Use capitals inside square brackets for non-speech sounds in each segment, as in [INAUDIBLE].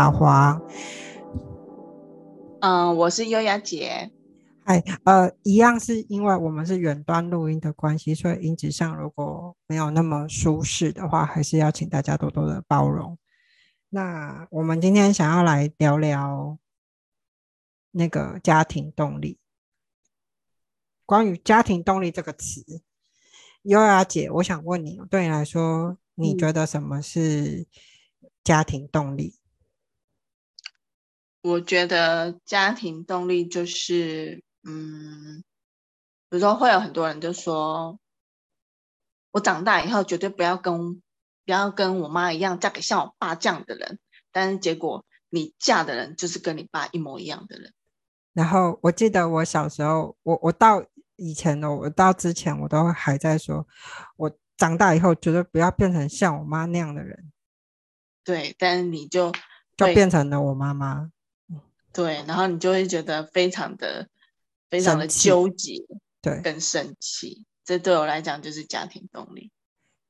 阿華，嗯，我是優雅姐。哎，呃，一樣是因為我們是遠端錄音的關係，所以音質上如果沒有那麼舒適的話，還是要請大家多多的包容。那我們今天想要來聊聊那個家庭動力。關於“家庭動力”這個詞，優雅姐，我想問你，對你來說，你覺得什麼是家庭動力？嗯我覺得家庭動力就是，嗯，比如說會有很多人就說，我長大以後絕對不要跟不要跟我媽一樣嫁給像我爸這樣的人，但是結果你嫁的人就是跟你爸一模一樣的人。然後我記得我小時候，我我到以前的我到之前，我都還在說，我長大以後絕對不要變成像我媽那樣的人。對，但是你就就變成了我媽媽。對，然後你就會覺得非常的、非常的糾結，對，更生氣。這對我來講就是家庭動力。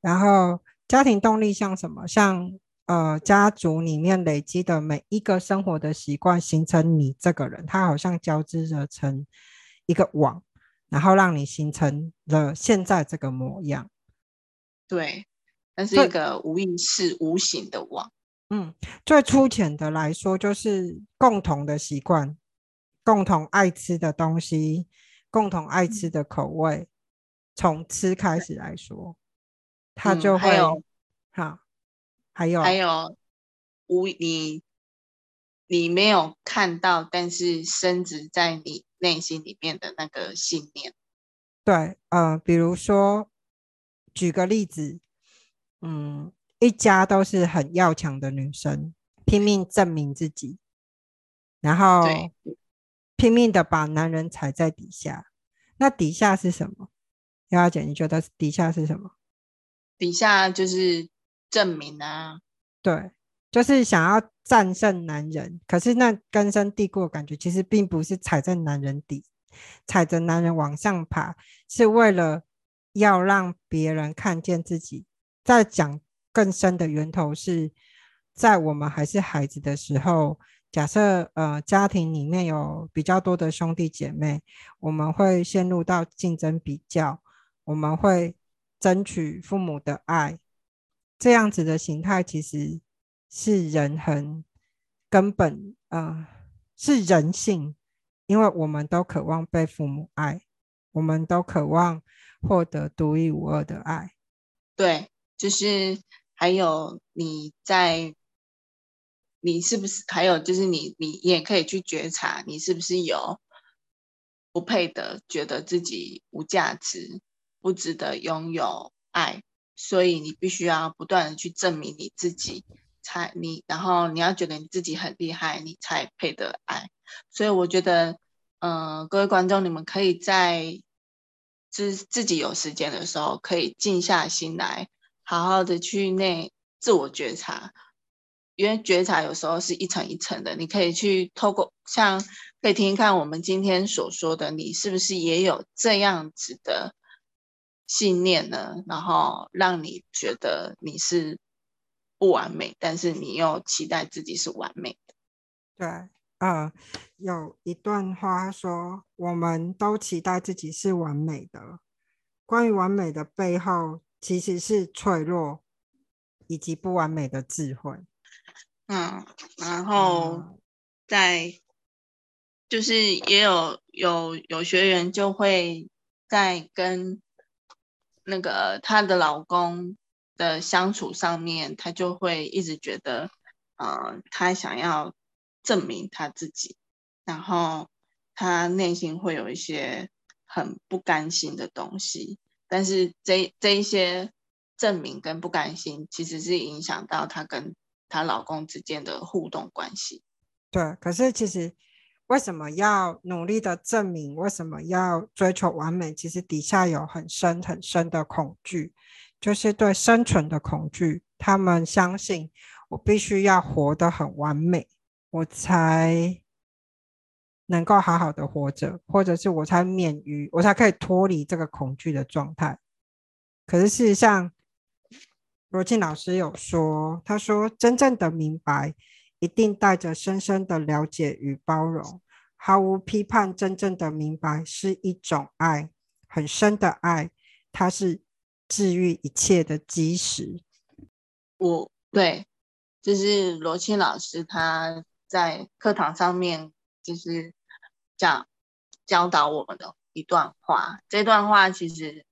然後家庭動力像什麼？像呃，家族裡面累積的每一個生活的習慣，形成你這個人，他好像交織着成一個網，然後讓你形成了現在這個模樣。對，那是一個無意識、無形的網。嗯，最粗淺的來說，就是共同的習慣，共同愛吃的東西，共同愛吃的口味。從吃開始來說，它就會有哈、嗯，還有、啊、還有、還有，無你你沒有看到，但是深植在你內心裡面的那個信念。對，呃，比如說，舉個例子，嗯。一家都是很要強的女生，拼命證明自己，然後拼命的把男人踩在底下。那底下是什麼？幺幺姐，你覺得底下是什麼？底下就是證明啊，對，就是想要戰勝男人。可是那根深蒂固的感覺，其實並不是踩在男人底，踩着男人往上爬，是為了要讓別人看見自己在講。更深的源頭是，在我們還是孩子的時候，假設呃家庭裡面有比較多的兄弟姐妹，我們會陷入到競爭比較，我們會爭取父母的愛，這樣子的形態其實是人很根本啊、呃，是人性，因為我們都渴望被父母愛，我們都渴望獲得獨一無二的愛，對，就是。還有你在，你是不是還有就是你，你也可以去覺察，你是不是有不配的，覺得自己無價值，不值得擁有愛，所以你必須要不斷的去證明你自己，才你，然後你要覺得你自己很厲害，你才配得愛。所以我覺得，嗯、呃，各位觀眾，你們可以在自自己有時間的時候，可以靜下心來。好好的去內自我覺察，因為覺察有時候是一層一層的。你可以去透過像，可以聽聽看我們今天所說的，你是不是也有這樣子的信念呢？然後讓你覺得你是不完美，但是你又期待自己是完美的。對，嗯、呃，有一段話說，我們都期待自己是完美的。關於完美的背後。其實是脆弱以及不完美的智慧，嗯，然後在，嗯、就是也有有有學員就會在跟那個她的老公的相處上面，她就會一直覺得，嗯、呃，她想要證明她自己，然後她內心會有一些很不甘心的東西。但是這這一些證明跟不甘心，其實是影響到她跟她老公之間的互動關係。對，可是其實為什麼要努力的證明？為什麼要追求完美？其實底下有很深很深的恐懼，就是對生存的恐懼。他們相信我必須要活得很完美，我才。能夠好好的活着或者是我才免於我才可以脫離這個恐懼的狀態。可是事實上，羅青老師有說，他說真正的明白一定帶着深深的了解與包容，毫無批判。真正的明白是一種愛，很深的愛，它是治癒一切的基石。我對，就是羅青老師他在課堂上面就是。教教導我們的一段話，這段話其實，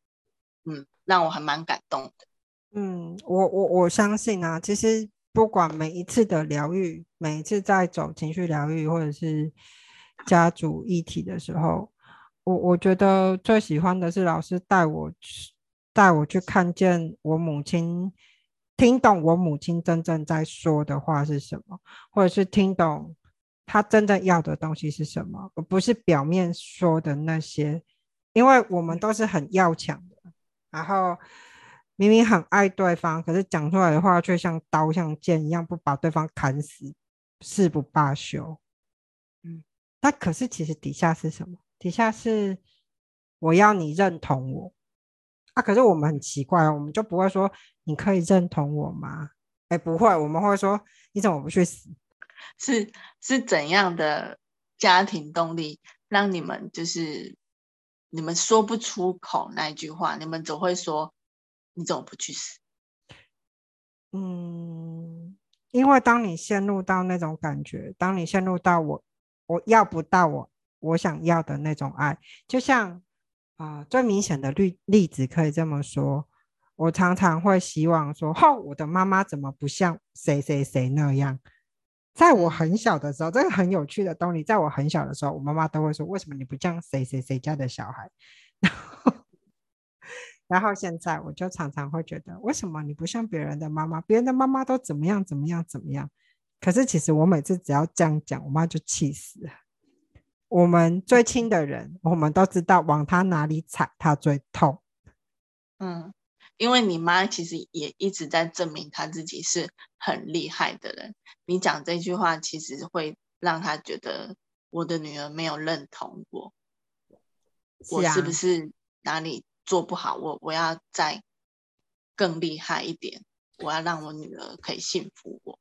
嗯，讓我還蠻感動的。嗯，我我我相信啊，其實不管每一次的療癒，每一次在走情緒療癒或者是家族議題的時候，我我覺得最喜歡的是老師帶我去，帶我去看見我母親，聽懂我母親真正在說的話是什麼，或者是聽懂。他真正要的東西是什麼？而不是表面說的那些，因為我們都是很要強的，然後明明很愛對方，可是講出來的話卻像刀、像劍一樣，不把對方砍死，誓不罷休。嗯，那可是其實底下是什麼？底下是我要你認同我啊！可是我們很奇怪哦，我們就不會說你可以認同我嗎？欸，不會，我們會說你怎麼不去死？是是怎樣的家庭動力讓你們就是你們說不出口那句話？你們總會說：“你怎麼不去死？”嗯，因為當你陷入到那種感覺，當你陷入到我我要不到我我想要的那種愛，就像啊、呃，最明顯的例例子可以這麼說，我常常會希望說：“吼、哦，我的媽媽怎麼不像誰誰誰那樣？”在我很小的時候，這個很有趣的東西。西在我很小的時候，我媽媽都會說：“為什麼你不像誰誰誰家的小孩？”然後，然後現在我就常常會覺得：“為什麼你不像別人的媽媽？別人的媽媽都怎麼樣怎麼樣怎麼樣？”可是其實我每次只要這樣講，我媽就氣死了。我們最親的人，我們都知道往他哪裡踩，他最痛。嗯。因為你媽其實也一直在證明她自己是很厲害的人，你講這句話其實會讓她覺得我的女兒沒有認同我、啊，我是不是哪裡做不好？我我要再更厲害一點，我要讓我女兒可以幸福我。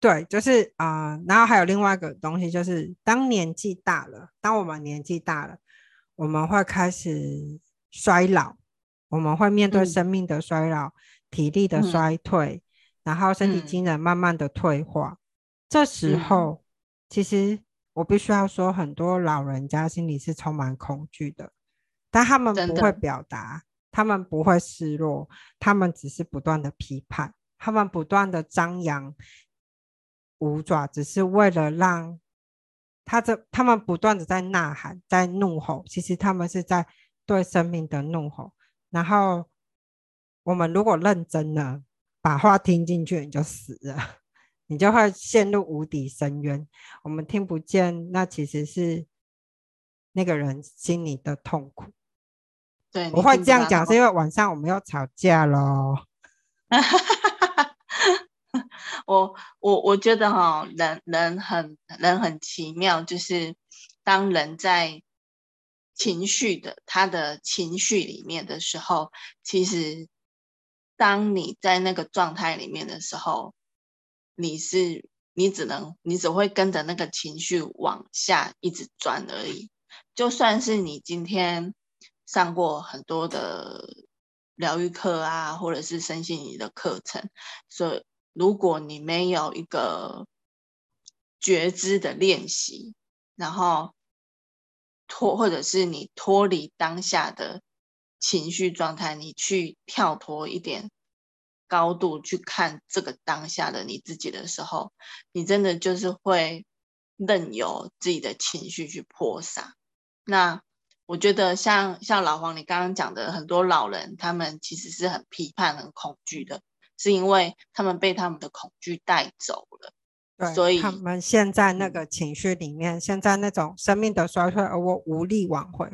對，就是啊、呃，然後還有另外一個東西就是，當年紀大了，當我們年紀大了，我們會開始衰老。我們會面對生命的衰老、嗯、體力的衰退，嗯、然後身體機能慢慢的退化。嗯、這時候、嗯，其實我必須要說，很多老人家心裡是充滿恐懼的，但他們不會表達，他們不會示弱，他們只是不斷的批判，他們不斷的張牙舞爪，只是為了讓他這他們不斷的在吶喊、在怒吼。其實他們是在對生命的怒吼。然後我們如果認真了，把話聽進去，你就死了，你就會陷入無底深淵。我們聽不見，那其實是那個人心裡的痛苦。對，我會這樣講，是因為晚上我們要吵架嘍 [LAUGHS] 。我我我覺得哈、哦，人人很人很奇妙，就是當人在。情緒的，他的情緒裡面的時候，其實當你在那個狀態裡面的時候，你是你只能你只會跟着那個情緒往下一直轉而已。就算是你今天上過很多的療癒課啊，或者是身心靈的課程，所以如果你沒有一個覺知的練習，然後。脫，或者是你脫離當下的情緒狀態，你去跳脫一點高度去看這個當下的你自己的時候，你真的就是會任由自己的情緒去潑灑。那我覺得像像老黃你剛剛講的，很多老人他們其實是很批判、很恐懼的，是因為他們被他們的恐懼帶走了。所以他們現在那個情緒裡面，嗯、現在那種生命的衰退，而我無力挽回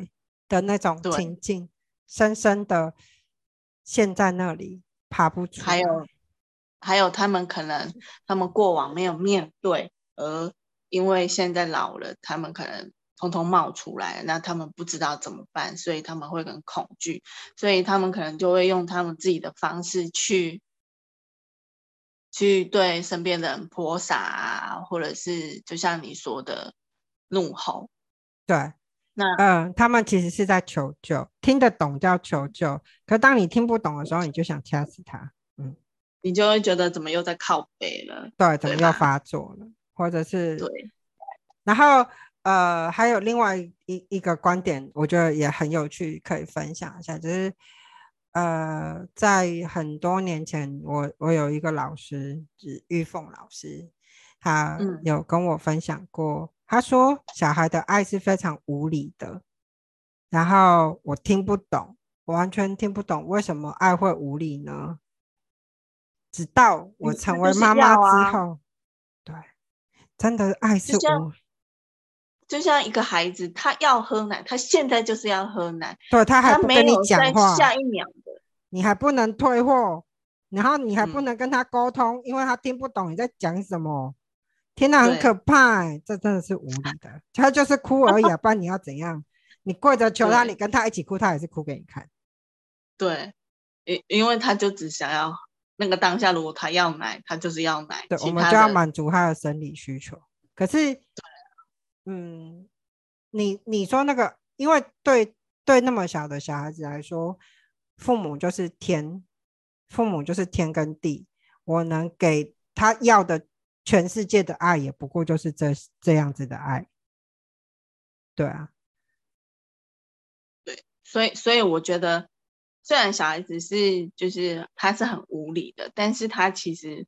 的那種情境，深深的陷在那裡，爬不出來。還有，還有他們可能他們過往沒有面對，而因為現在老了，他們可能通通冒出來，那他們不知道怎麼辦，所以他們會很恐懼，所以他們可能就會用他們自己的方式去。去對身邊的人潑灑啊，或者是就像你說的怒吼，對。那嗯，他們其實是在求救，聽得懂叫求救，可當你聽不懂的時候，你就想掐死他，嗯，你就會覺得怎麼又在靠北了，對，怎麼又發作了，或者是對。然後呃，還有另外一一個觀點，我覺得也很有趣，可以分享一下，就是。呃，在很多年前，我我有一個老師，是玉鳳老師，他有跟我分享過、嗯，他說小孩的愛是非常無理的，然後我聽不懂，我完全聽不懂為什麼愛會無理呢？直到我成為媽媽之後，嗯啊、對，真的愛是無理就，就像一個孩子，他要喝奶，他現在就是要喝奶，對，他還沒跟你講話，下一秒。你還不能退貨，然後你還不能跟他溝通、嗯，因為他聽不懂你在講什麼，天哪，很可怕、欸。哎，這真的是無力的，他就是哭而已啊！ [LAUGHS] 不然你要怎樣？你跪着求他，你跟他一起哭，他也是哭給你看。對，因因為他就只想要那個當下，如果他要奶，他就是要奶。對，我們就要滿足他的生理需求。可是，對嗯，你你說那個，因為對對，那麼小的小孩子來說。父母就是天，父母就是天跟地。我能給他要的全世界的愛，也不過就是這這樣子的愛。對啊，對，所以所以我覺得，雖然小孩子是就是他是很無理的，但是他其實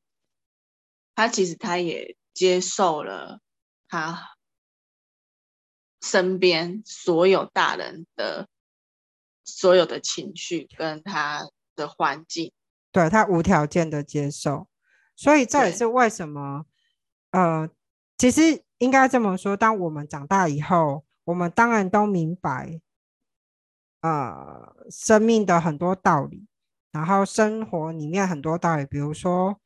他其實他也接受了他身邊所有大人的。所有的情緒跟他的環境，對，他無條件的接受，所以這也是為什麼，呃，其實應該這麼說，當我們長大以後，我們當然都明白，呃，生命的很多道理，然後生活裡面很多道理，比如說，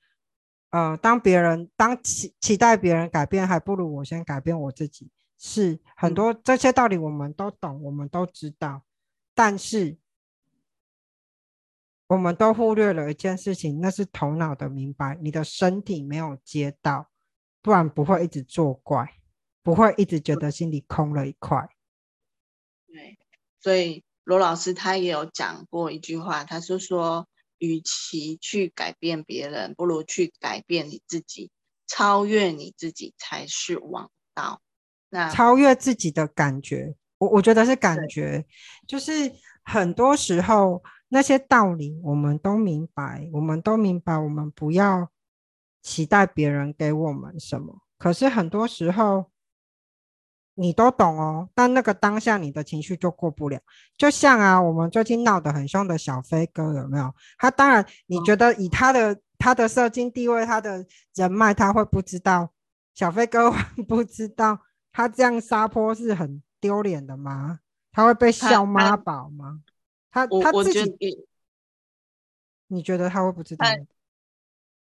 呃，當別人當期期待別人改變，還不如我先改變我自己，是、嗯、很多這些道理我們都懂，我們都知道。但是，我們都忽略了一件事情，那是頭腦的明白，你的身體沒有接到，不然不會一直作怪，不會一直覺得心裡空了一塊。對，所以羅老師他也有講過一句話，他是說，與其去改變別人，不如去改變你自己，超越你自己才是王道。那超越自己的感覺。我我覺得是感覺，就是很多時候那些道理我們都明白，我們都明白，我們不要期待別人給我們什麼。可是很多時候，你都懂哦，但那個當下你的情緒就過不了。就像啊，我們最近鬧得很凶的小飛哥有沒有？他當然，哦、你覺得以他的他的社經地位、他的人脈，他會不知道？小飛哥不知道，他這樣撒潑是很丟臉的嗎？他會被笑媽寶嗎？他他，他，他，他自己覺得，你覺得他會不知道他？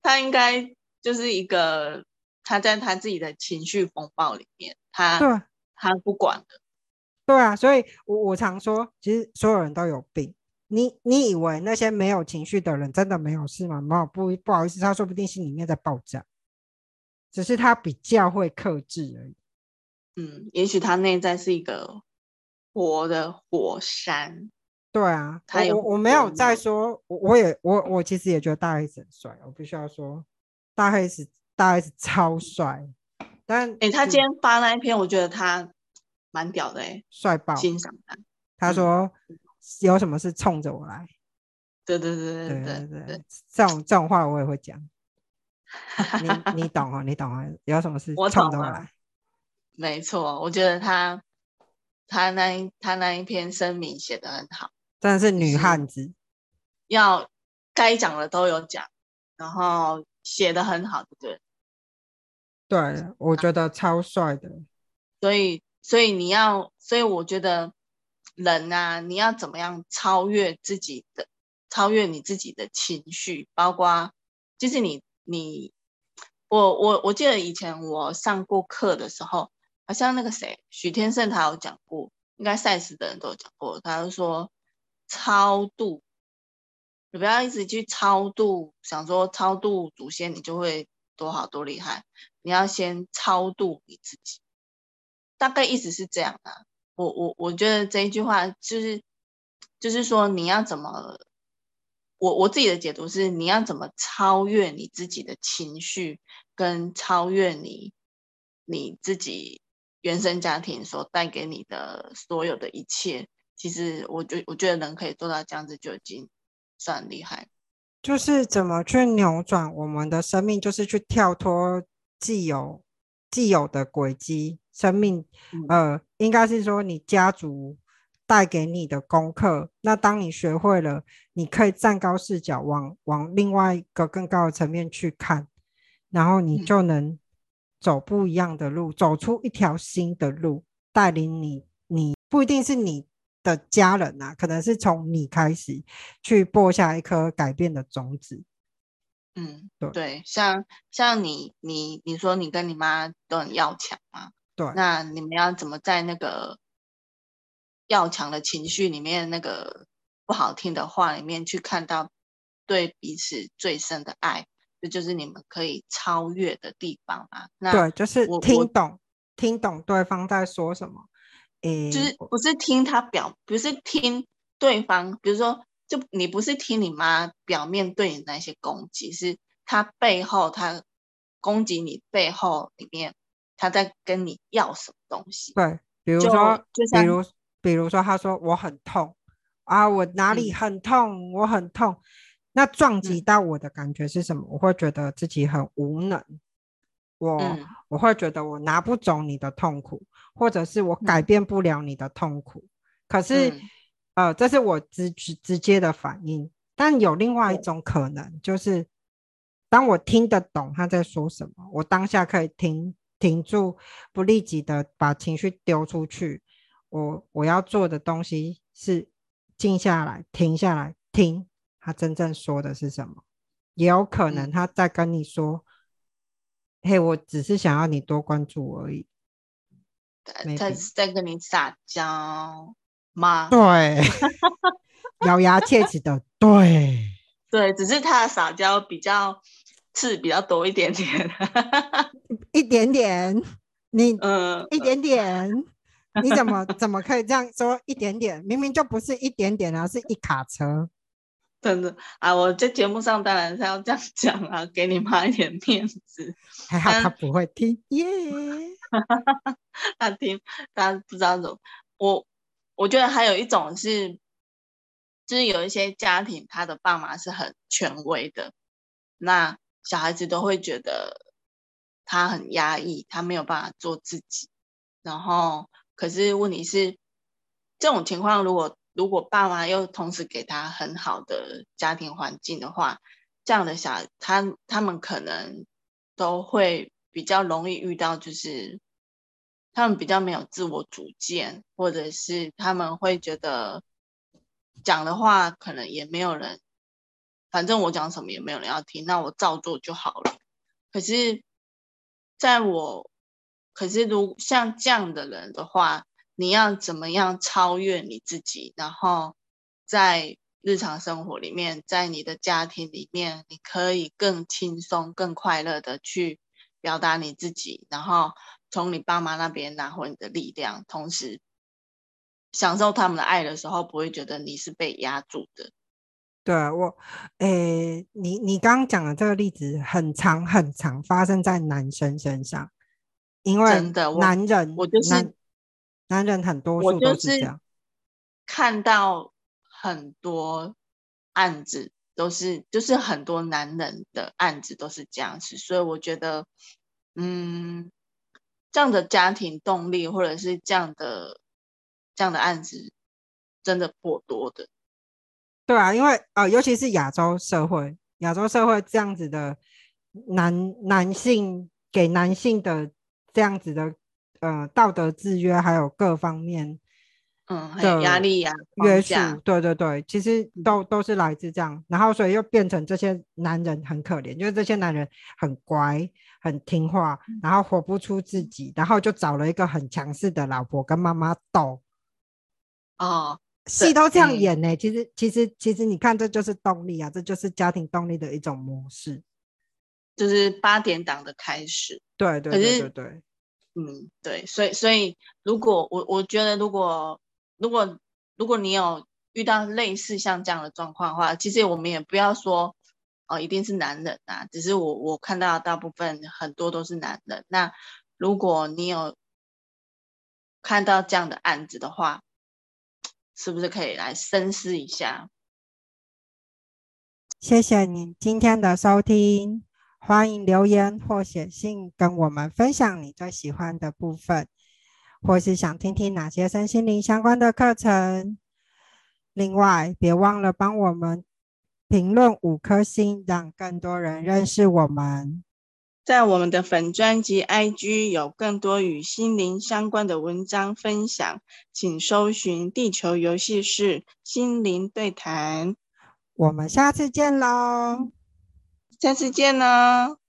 他應該就是一個，他在他自己的情緒風暴裡面，他對、啊、他不管的。對啊，所以我我常說，其實所有人都有病。你你以為那些沒有情緒的人真的沒有事嗎？沒有，不不好意思，他說不定心裡面在爆炸，只是他比較會克制而已。嗯，也許他內在是一個活的火山。對啊，他有我我沒有在說，我也我我其實也覺得大 S 很帥，我必須要說大 S 大 S 超帥。但誒、欸，他今天發那一篇，我覺得他蠻屌的誒、欸，帥爆，欣賞他。他說、嗯、有什麼事衝着我來，對對對對對對，對，對，對，這種這種話我也會講。 [LAUGHS] 你你懂啊，你懂啊，有什麼事衝着我來。我沒錯，我覺得他他那一他那一篇聲明寫得很好，但是女漢子，就是、要該講的都有講，然後寫得很好對，對對？對，我覺得超帥的。所以，所以你要，所以我覺得人啊，你要怎麼樣超越自己的，超越你自己的情緒，包括就是你你我我我記得以前我上過課的時候。好像那個誰，許天勝他有講過，應該賽斯的人都有講過，他就說超度，你不要一直去超度，想說超度祖先你就會多好多厲害，你要先超度你自己，大概意思是這樣的啊。我我我覺得這一句話就是就是說你要怎麼，我我自己的解讀是你要怎麼超越你自己的情緒，跟超越你你自己，原生家庭所帶給你的所有的一切，其實我覺，我覺得人可以做到這樣子就已經算很厲害。就是怎麼去扭轉我們的生命，就是去跳脫既有既有的軌跡。生命，嗯、呃，應該是說你家族帶給你的功課。那當你學會了，你可以站高視角往，往往另外一個更高的層面去看，然後你就能。嗯走不一樣的路，走出一條新的路，帶領你，你不一定是你的家人啊，可能是從你開始去播下一顆改變的種子。嗯，對，像像你，你你說你跟你媽都很要強啊，對，那你們要怎麼在那個要強的情緒裡面，那個不好聽的話裡面，去看到對彼此最深的愛？這就，就是你們可以超越的地方啊！那對，就是我聽懂我我，聽懂對方在說什麼。誒，就是不是聽他表，不是聽對方，比如說，就你不是聽你媽表面對你那些攻擊，是她背後她攻擊你背後裡面，她在跟你要什麼東西？對，比如說，就，就像比如，比如說，她說我很痛啊，我哪裡很痛，嗯、我很痛。那撞擊到我的感覺是什麼、嗯？我會覺得自己很無能，我、嗯、我會覺得我拿不走你的痛苦，或者是我改變不了你的痛苦。嗯、可是、嗯，呃，這是我直直直接的反應。但有另外一種可能、嗯，就是當我聽得懂他在說什麼，我當下可以停停住，不立即的把情緒丟出去。我我要做的東西是靜下來，停下來，聽。他真正說的是什麼？也有可能他在跟你說：“嘿、嗯，hey, 我只是想要你多關注而已。”他是在跟你撒嬌嗎？對， [LAUGHS] 咬牙切齒的， [LAUGHS] 對，對，只是他的撒嬌比較刺比較多一點點， [LAUGHS] 一點點。你嗯、呃，一點點，呃、你怎麼怎麼可以這樣說？ [LAUGHS] 一點點，明明就不是一點點而、啊、是一卡車。真的啊！我在節目上當然是要這樣講啊，給你媽一點面子。還好她不會聽耶，她、yeah. [LAUGHS] 聽，她不知道怎麼。我我覺得還有一種是，就是有一些家庭，他的爸媽是很權威的，那小孩子都會覺得他很壓抑，他沒有辦法做自己。然後可是問題是，這種情況如果。如果爸媽又同時給他很好的家庭環境的話，這樣的小孩，他他們可能都會比較容易遇到，就是他們比較沒有自我主見，或者是他們會覺得講的話可能也沒有人，反正我講什麼也沒有人要聽，那我照做就好了。可是，在我，可是如，像這樣的人的話。你要怎麼樣超越你自己？然後在日常生活裡面，在你的家庭裡面，你可以更輕鬆、更快樂的去表達你自己，然後從你爸媽那邊拿回你的力量，同時享受他們的愛的時候，不會覺得你是被壓住的。對、啊、我，誒、欸，你你剛剛講的這個例子很長很長，發生在男生身上，因為男人，真的我，我就是。男人很多數都是這樣，我看到很多案子都是，就是很多男人的案子都是這樣子，所以我覺得，嗯，這樣的家庭動力或者是這樣的這樣的案子，真的不多的。對啊，因為啊、呃，尤其是亞洲社會，亞洲社會這樣子的男男性給男性的這樣子的。嗯，道德制約還有各方面，嗯，還有壓力呀、啊、約束，對對對，其實都都是來自這樣，然後所以又變成這些男人很可憐，就是這些男人很乖、很聽話，然後活不出自己，嗯、然後就找了一個很強勢的老婆跟媽媽鬥。哦，戲都這樣演呢、欸嗯，其實其實其實你看，這就是動力啊，這就是家庭動力的一種模式，就是八點檔的開始。對對對對對。嗯，對，所以所以，如果我我覺得如，如果如果如果你有遇到類似像這樣的狀況的話，其實我們也不要說哦、呃，一定是男人啊，只是我我看到大部分很多都是男人。那如果你有看到這樣的案子的話，是不是可以來深思一下？謝謝你今天的收聽。歡迎留言或寫信跟我們分享你最喜歡的部分，或是想聽聽哪些身心靈相關的課程。另外，別忘了幫我們評論五顆星，讓更多人認識我們。在我們的粉專輯 IG 有更多與心靈相關的文章分享，請搜尋“地球遊戲室心靈對談”。我們下次見嘍！下次見呢、哦。